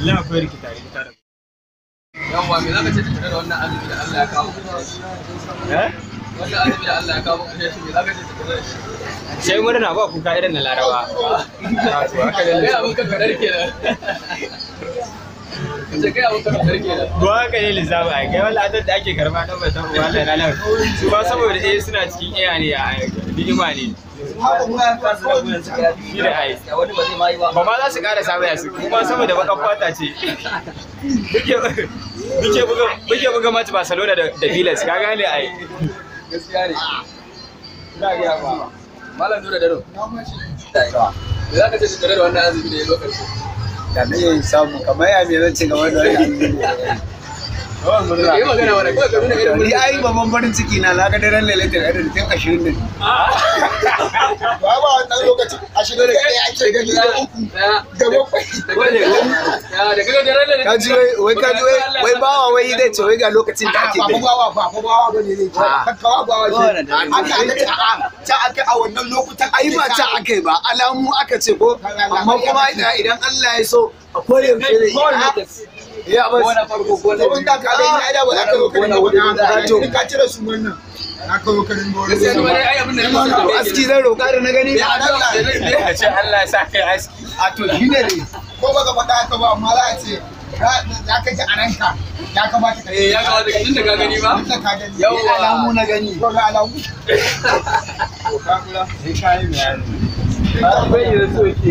wallahi akwai rikita rikita da yawwa me zaka ce tattare da wannan azumi da Allah ya kawo eh wannan azumi da Allah ya kawo ka shi me zaka ce tattare da shi sai murna ba kuka irin na Laraba ah. to haka ne kai abun ka kadar kenan kace ka kadar lissafi ai kai wallahi da ake karba dan bai san uwa da ranar ba saboda eh suna cikin iya ne a ayyuka Bigima ne. Shi da Ba ma za su ƙara samu yasu kuma saboda bakan fata ce. Muke buga mata Barcelona da bilas ka gane ai. Gaskiya ne. za ka ce da wannan azumi ne Da samu kamar ya me zan da wannan Ni ai babban farin ciki na laga daren lalatar irin tun ashirin ne. Ba ba wannan lokaci ashirin da ɗaya ake gani da uku da bakwai. Ka ji wai wai ka ji wai wai bawa wai ce wai ga lokacin da ake Ba ba ba ba ne ah. ah, ta a wannan lokutan. ba ta ba alamu aka ce ko amma kuma idan Allah ya so a ya ba gona farko ko inda ka ga ina da ba za to ka cire su wannan aka ai abin da aski zan roka da na gani Allah ya ce Allah ya sa kai aski a to shine ne ko baka faɗa ka ba amma za a ce za ka ji ananka? ranka ya kamata ka kai eh, ya ka tunda ka gani ba tunda ka gani alamu na gani ko ga alamu ka kula sai ba bai da